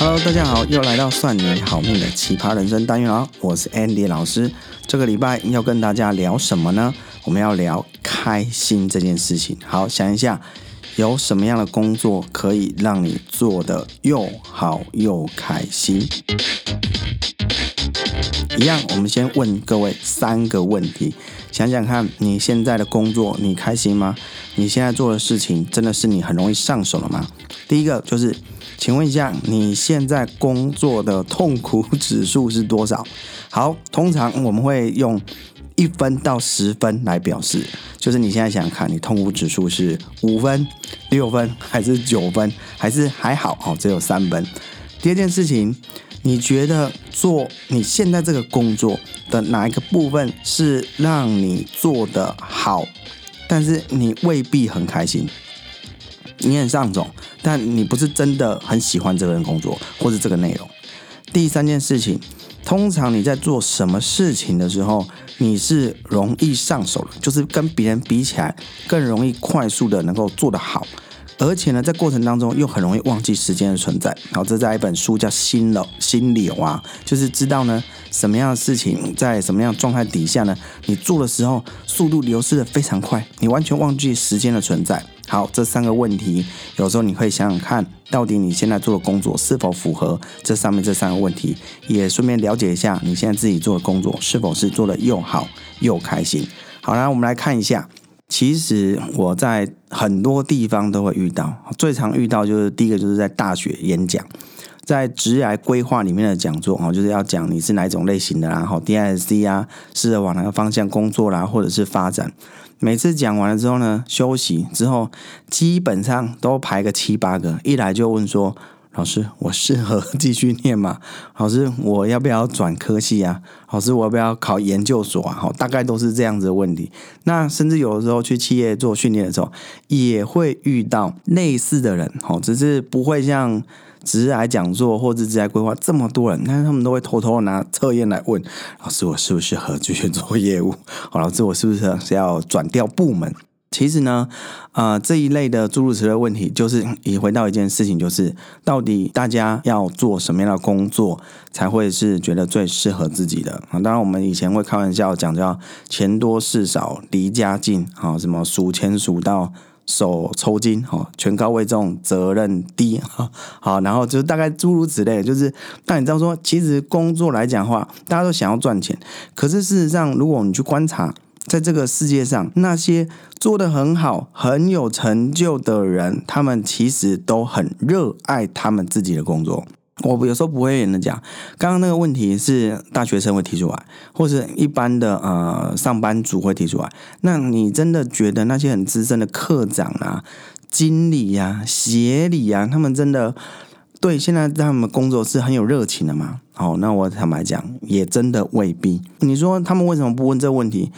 Hello，大家好，又來到算你好命的奇葩人生單元哦，我是 Andy 老師。這個禮拜要跟大家聊什麼呢？我們要聊開心這件事情。好，想一下，有什麼樣的工作可以讓你做得又好又開心？一樣，我們先問各位三個問題，想想看你現在的工作，你開心嗎？你現在做的事情，真的是你很容易上手的嗎？第一個就是。請問一下，你現在工作的痛苦指數是多少？好，通常我們會用一分到十分來表示，就是你現在想看，你痛苦指數是五分、六分，還是九分，還是還好哦，只有三分。第二件事情，你覺得做你現在這個工作的哪一個部分是讓你做得好，但是你未必很開心？你很上手，但你不是真的很喜歡這個人工作或是這個內容。第三件事情，通常你在做什麼事情的時候，你是容易上手的，就是跟別人比起來更容易快速的能夠做得好，而且呢，在過程當中又很容易忘記時間的存在。然後，這在一本書叫《心流》，心理流啊，就是知道呢。什麼樣的事情在什麼樣的狀態底下呢？你做的時候，速度流失的非常快，你完全忘記時間的存在。好，這三個問題，有時候你可以想想看，到底你現在做的工作是否符合這上面這三個問題？也順便了解一下，你現在自己做的工作是否是做得又好又開心？好，來我們來看一下，其實我在很多地方都會遇到，最常遇到就是第一個就是在大學演講。在職涯規劃裡面的講座，就是要講你是哪一種類型的，然後 DISC 啊，適合往哪個方向工作啦、啊，或者是發展。每次講完了之後呢，休息之後基本上都排個七八個，一來就問說：“老師，我適合繼續念嗎？”“老師，我要不要轉科系啊？”“老師，我要不要考研究所啊？”好，大概都是這樣子的問題。那甚至有的時候去企業做訓練的時候，也會遇到類似的人，只是不會像。職涯講座或職涯規劃，這麼多人，但是他們都會偷偷拿測驗來問老師：“我適不適合繼續做業務？”好，老師，我是不適合、哦、我是不是是要轉調部門？其實呢，啊、呃，這一類的諸如此類的問題，就是也回到一件事情，就是到底大家要做什麼樣的工作，才會是覺得最適合自己的啊？當然，我們以前會開玩笑講，叫“錢多事少，離家近”，好，什麼數錢數到。手抽筋，吼，權高位重，責任低，哈，好，然後就大概諸如此類，就是，但你知道說，其實工作來講的話，大家都想要賺錢，可是事實上，如果你去觀察，在這個世界上，那些做得很好、很有成就的人，他們其實都很熱愛他們自己的工作。我有時候不會演的講。剛剛那個問題是大學生會提出來，或是一般的呃上班族會提出來。那你真的覺得那些很資深的課長啊、經理呀、啊、協理啊，他們真的對現在他們工作是很有熱情的嗎？好、哦，那我坦白講，也真的未必。你說他們為什麼不問這個問題？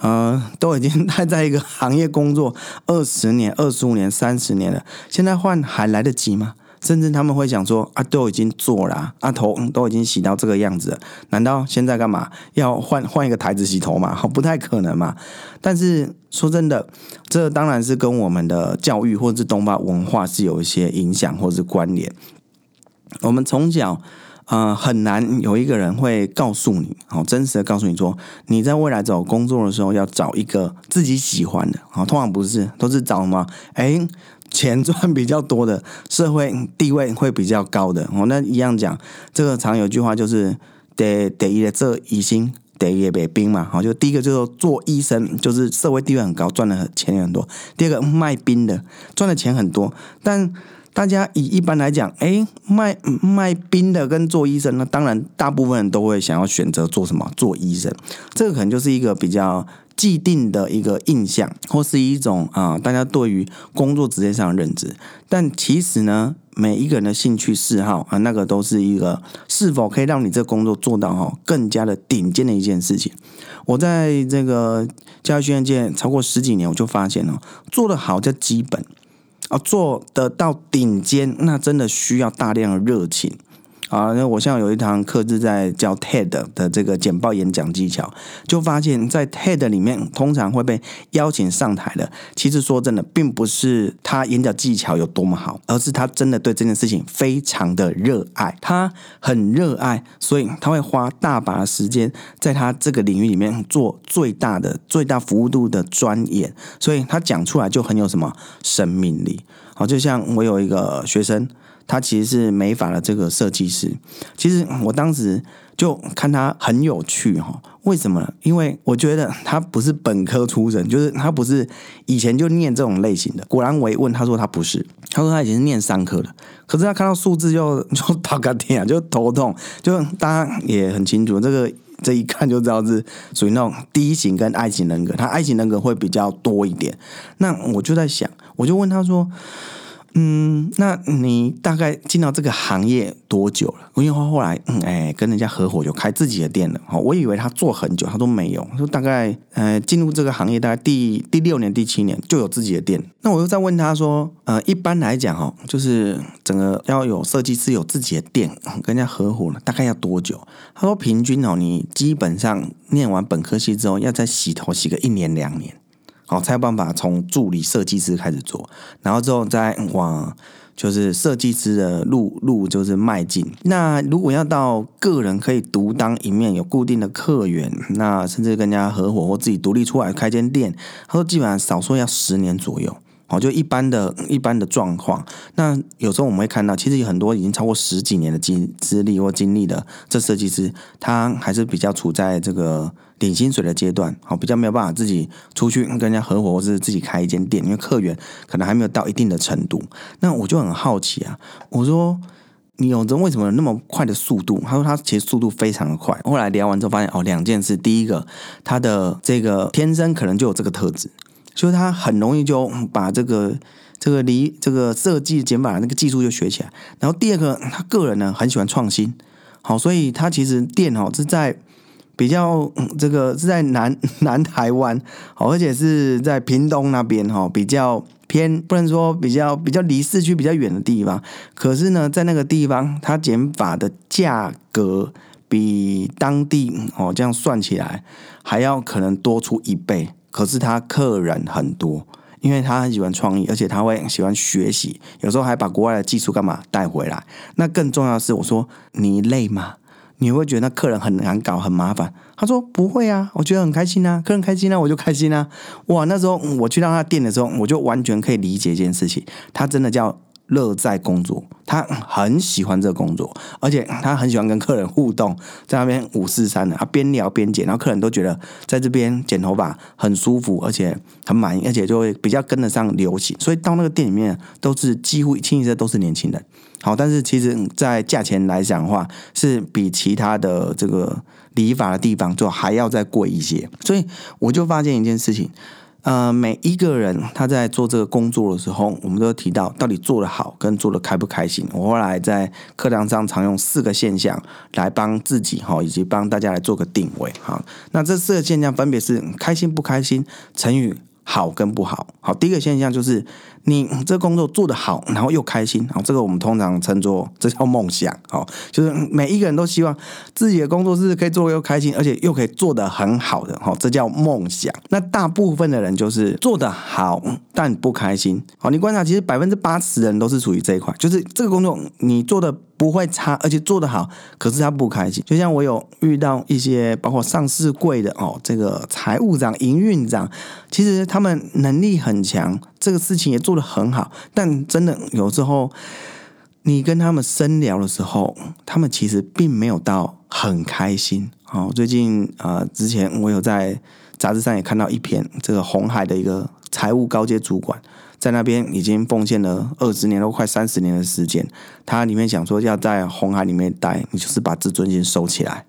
呃，都已經待在一個行業工作二十年、二十五年、三十年了，現在換還來得及嗎？甚至他們會想說：“啊，都已經做了啊，啊頭、嗯、都已經洗到這個樣子了，難道現在幹嘛要換換一個台子洗頭嗎？好，不太可能嘛。”但是說真的，這當然是跟我們的教育或者是東方文化是有一些影響或者是關聯。我們從小啊、呃，很難有一個人會告訴你，好真實的告訴你說，你在未來找工作的時候要找一個自己喜歡的。好，通常不是，都是找什麼？哎、欸。錢賺比較多的，社會地位會比較高的。我那一樣講，這個常有句話就是得得的，這醫生得也的冰嘛。好，就第一個就是做醫生，就是社會地位很高，賺的錢也很多。第二個賣冰的，賺的錢很多，但。大家以一般來講，哎，賣賣冰的跟做醫生呢，那當然大部分人都會想要選擇做什麼？做醫生，這個可能就是一個比較既定的一個印象，或是一種啊、呃，大家對於工作職業上的認知。但其實呢，每一個人的興趣嗜好啊、呃，那個都是一個是否可以讓你這工作做到哈更加的頂尖的一件事情。我在這個教育訓練界超過十幾年，我就發現哦，做得好叫基本。啊，做得到頂尖，那真的需要大量的熱情。啊，那我像有一堂課是在教 TED 的這個簡報演講技巧，就發現，在 TED 裡面通常會被邀請上台的，其實說真的，並不是他演講技巧有多麼好，而是他真的對這件事情非常的熱愛，他很熱愛，所以他會花大把時間在他這個領域裡面做最大的、最大幅度的鑽研，所以他講出來就很有什麼生命力。好，就像我有一個學生。他其實是美髮的這個設計師，其實我當時就看他很有趣哈。為什麼？因為我覺得他不是本科出身，就是他不是以前就念這種類型的。果然，我一問他說他不是，他說他以前是念商科的。可是他看到數字就就打個天啊，就頭痛。就大家也很清楚，這個這一看就知道是屬於那種 D 型跟 I 型人格。他 I 型人格會比較多一點。那我就在想，我就問他說。嗯，那你大概進到這個行業多久了？因為後來，嗯，哎、欸，跟人家合夥就開自己的店了。哦，我以為他做很久，他都沒有。他說大概，呃、欸，進入這個行業大概第第六年、第七年就有自己的店。那我又在問他說，呃，一般來講，哈，就是整個要有設計師有自己的店，跟人家合夥了，大概要多久？他說，平均哦，你基本上唸完本科系之後，要再洗頭洗個一年兩年。好，才有辦法從助理設計師開始做，然後之後再往就是設計師的路路就是邁進。那如果要到個人可以獨當一面，有固定的客源，那甚至跟人家合夥或自己獨立出來開間店，他說基本上少說要十年左右。哦，就一般的、一般的狀況，那有時候我們會看到，其實有很多已經超過十幾年的資資歷或經歷的這設計師，他還是比較處在這個領薪水的階段，好，比較沒有辦法自己出去跟人家合夥，或是自己開一間店，因為客源可能還沒有到一定的程度。那我就很好奇啊，我說你有人為什麼有那麼快的速度？他說他其實速度非常的快。後來聊完之後發現，哦，兩件事，第一個，他的這個天生可能就有這個特質。所以他很容易就把這個這個理這個設計剪髮的那個技術就學起來。然後第二個，他個人呢很喜歡創新，好，所以他其實店哦是在比較這個是在南南台灣，好，而且是在屏東那邊哈，比較偏，不能說比較比較離市區比較遠的地方，可是呢，在那個地方，他剪髮的價格比當地哦這樣算起來還要可能多出一倍。可是他客人很多，因為他很喜歡創意，而且他會喜歡學習，有時候還把國外的技術幹嘛帶回來。那更重要的是，我說，你累嗎？你會，會覺得那客人很難搞，很麻煩？他說不會啊，我覺得很開心啊，客人開心啊，我就開心啊。哇，那時候我去到他的店的時候，我就完全可以理解這件事情，他真的叫。樂在工作，他很喜歡這個工作，而且他很喜歡跟客人互動，在那邊五四三的、啊，他、啊、邊聊邊剪，然後客人都覺得在這邊剪頭髮很舒服，而且很滿意，而且就會比較跟得上流行，所以到那個店裡面都是幾乎清一色都是年輕人。好，但是其實，在價錢來講的話，是比其他的這個理髮的地方就還要再貴一些，所以我就發現一件事情。呃，每一個人他在做這個工作的時候，我們都提到到底做得好跟做得開不開心。我後來在課堂上常用四個現象來幫自己哈，以及幫大家來做個定位哈。那這四個現象分別是開心不開心、乘以。好跟不好，好，第一個現象就是你這工作做得好，然後又開心，好，這個我們通常稱作這叫夢想，好，就是每一個人都希望自己的工作是可以做又開心，而且又可以做得很好的，好，這叫夢想。那大部分的人就是做得好但不開心，好，你觀察其實百分之八十的人都是處於這一塊，就是這個工作你做的。不會差，而且做得好，可是他不開心。就像我有遇到一些包括上市櫃的哦，這個財務長、營運長，其實他們能力很強，這個事情也做得很好，但真的有時候你跟他們深聊的時候，他們其實並沒有到很開心哦。最近啊、呃，之前我有在雜誌上也看到一篇這個鴻海的一個財務高階主管。在那邊已經奉獻了二十年，都快三十年的時間。他裡面想說，要在紅海裡面待，你就是把自尊心收起來。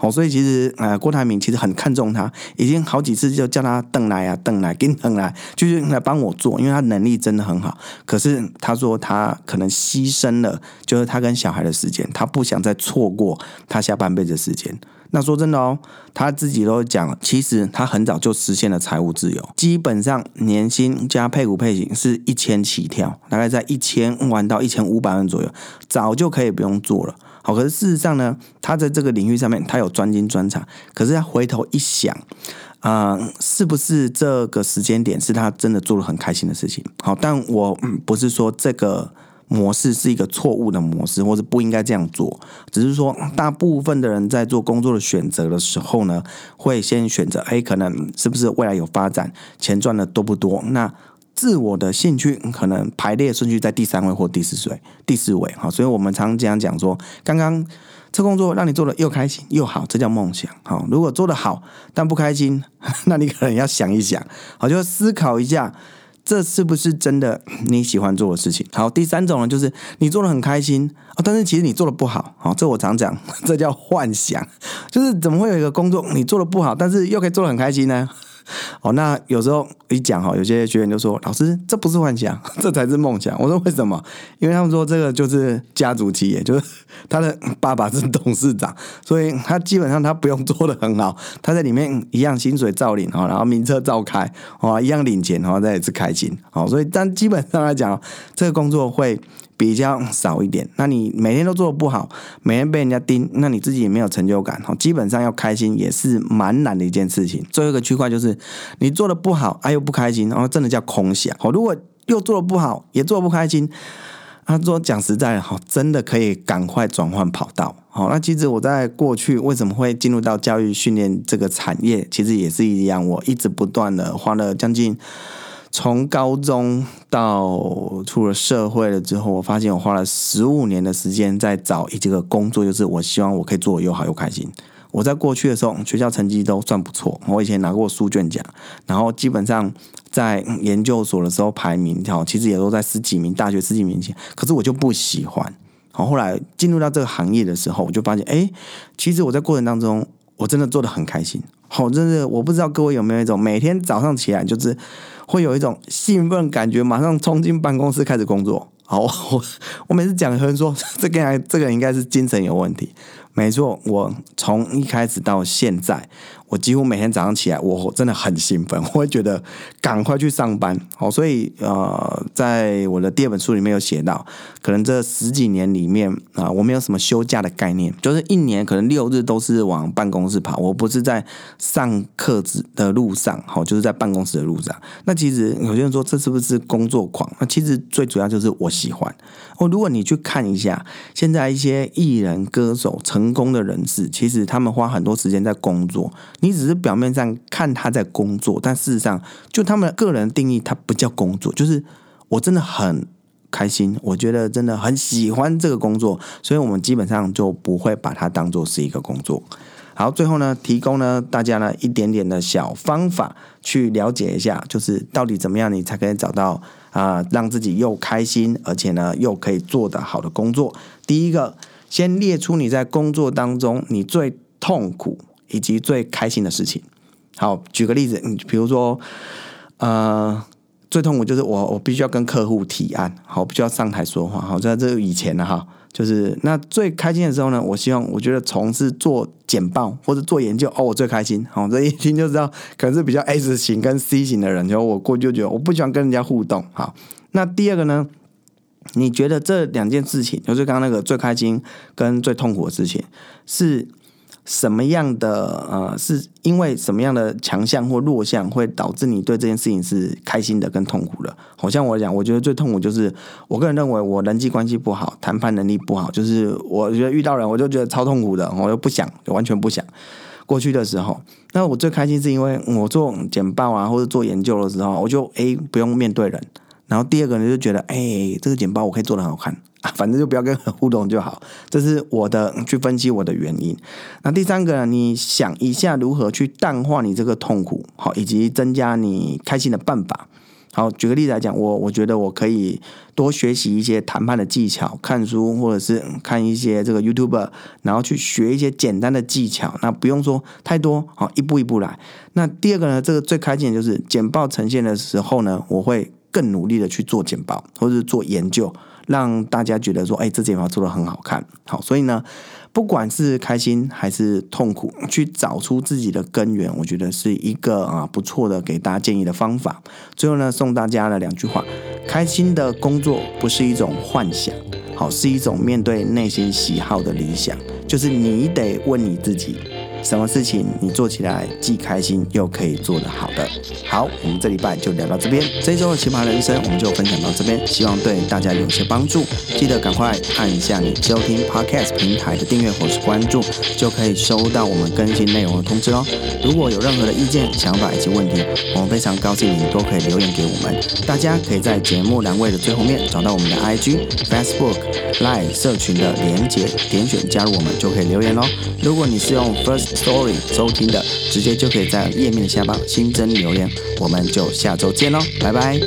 哦，所以其實，呃，郭台銘其實很看重他，已經好幾次就叫他鄧來啊，鄧來，給你鄧來，就是來幫我做，因為他能力真的很好。可是他說，他可能犧牲了，就是他跟小孩的時間，他不想再錯過他下半輩子的時間。那說真的哦，他自己都講，其實他很早就實現了財務自由，基本上年薪加配股配型是一千起跳，大概在一千萬到一千五百萬左右，早就可以不用做了。好，可是事實上呢，他在這個領域上面，他有專精專長。可是他回頭一想，呃，是不是這個時間點是他真的做了很開心的事情？好，但我，嗯，不是說這個。模式是一個錯誤的模式，或者不應該這樣做。只是說，大部分的人在做工作的選擇的時候呢，會先選擇哎、欸，可能是不是未來有發展，錢賺得多不多？那自我的興趣可能排列順序在第三位或第四位、第四位。好，所以我們常常講說，剛剛這工作讓你做得又開心又好，這叫夢想。好，如果做得好但不開心，那你可能要想一想，好，就思考一下。這是不是真的你喜歡做的事情？好，第三種呢，就是你做的很開心啊、哦，但是其實你做的不好。好、哦，這我常講，這叫幻想，就是怎麼會有一個工作你做的不好，但是又可以做的很開心呢？哦，那有時候一講哈，有些學員就說：“老師，這不是幻想，這才是夢想。”我說：“為什麼？因為他們說這個就是家族企業，就是他的爸爸是董事長，所以他基本上他不用做得很好，他在裡面一樣薪水照領哈，然後名車照開哦，一樣領錢哈，再也是開心。哦，所以但基本上來講，這個工作會。”比較少一點，那你每天都做的不好，每天被人家盯，那你自己也沒有成就感，基本上要開心也是蠻難的一件事情。最後一個區塊就是你做的不好，哎、啊、又不開心，後、啊、真的叫空想。如果又做的不好，也做不開心，他、啊、說講實在好、啊，真的可以趕快轉換跑道。好、啊，那其實我在過去為什麼會進入到教育訓練這個產業，其實也是一樣，我一直不斷的花了將近。從高中到出了社會了之後，我發現我花了十五年的時間在找一這個工作，就是我希望我可以做又好又開心。我在過去的時候，學校成績都算不錯，我以前拿過書卷獎，然後基本上在研究所的時候排名，哦，其實也都在十幾名，大學十幾名前，可是我就不喜歡。好，後來進入到這個行業的時候，我就發現，哎，其實我在過程當中。我真的做的很開心，好、哦，真是我不知道各位有沒有一種每天早上起來就是會有一種興奮感覺，馬上衝進辦公室開始工作。好，我我每次講的時候說這個這個應該是精神有問題，沒錯，我從一開始到現在。我幾乎每天早上起來，我真的很興奮，我會覺得趕快去上班。好，所以呃，在我的第二本書裡面有寫到，可能這十幾年裡面啊，我沒有什麼休假的概念，就是一年可能六日都是往辦公室跑。我不是在上課子的路上，好，就是在辦公室的路上。那其實有些人說這是不是工作狂？那其實最主要就是我喜歡。我、哦，如果你去看一下，現在一些藝人、歌手、成功的人士，其實他們花很多時間在工作。你只是表面上看他在工作，但事實上，就他們個人定義，它不叫工作。就是我真的很開心，我覺得真的很喜歡這個工作，所以我們基本上就不會把它當做是一個工作。好，最後呢，提供呢大家呢一點點的小方法，去了解一下，就是到底怎麼樣你才可以找到啊、呃、讓自己又開心，而且呢又可以做得好的工作。第一個，先列出你在工作當中你最痛苦，以及最開心的事情，好，舉個例子，嗯，比如說，呃，最痛苦就是我我必須要跟客戶提案，好，我必須要上台說話，好，在這以前的哈，就是那最開心的時候呢，我希望，我覺得從事做簡報或者做研究，哦，我最開心，好，哦，這一聽就知道，可能是比較 S 型跟 C 型的人，然後我過去就覺得我不喜歡跟人家互動，好，那第二個呢，你覺得這兩件事情，就是剛剛那個最開心跟最痛苦的事情是？什麼樣的呃，是因為什麼樣的強項或弱項會導致你對這件事情是開心的跟痛苦的？好像我講，我覺得最痛苦就是，我個人認為我人際關係不好，談判能力不好，就是我覺得遇到人我就覺得超痛苦的，我又不想，就完全不想。過去的時候，那我最開心是因為我做簡報啊，或者做研究的時候，我就誒不用面對人，然後第二個人就覺得誒這個簡報我可以做得很好看。反正就不要跟人互動就好，這是我的去分析我的原因。那第三個呢，你想一下如何去淡化你這個痛苦，好，以及增加你開心的辦法。好，舉個例子來講，我我覺得我可以多學習一些談判的技巧，看書或者是看一些這個 YouTuber，然後去學一些簡單的技巧。那不用說太多，好，一步一步來。那第二個呢，這個最開心的就是簡報呈現的時候呢，我會更努力的去做簡報，或者是做研究。讓大家覺得說，哎、欸，這件事做得很好看，好，所以呢，不管是開心還是痛苦，去找出自己的根源，我覺得是一個啊不錯的給大家建議的方法。最後呢，送大家了兩句話：開心的工作不是一種幻想，好，是一種面對內心喜好的理想，就是你得問你自己。什麼事情你做起來既開心又可以做得好的？好，我們這禮拜就聊到這邊。這周的《奇葩人生》我們就分享到這邊，希望對大家有些幫助。記得趕快按一下你收聽 podcast 平台的訂閱或是關注，就可以收到我們更新內容的通知哦。如果有任何的意見、想法以及問題，我們非常高興你都可以留言給我們。大家可以在節目欄位的最後面找到我們的 IG、Facebook、Line 社群的連接，點選加入我們就可以留言嘍。如果你是用 First。Story 收聽的，直接就可以在頁面下方新增留言。我們就下周見嘍，拜拜。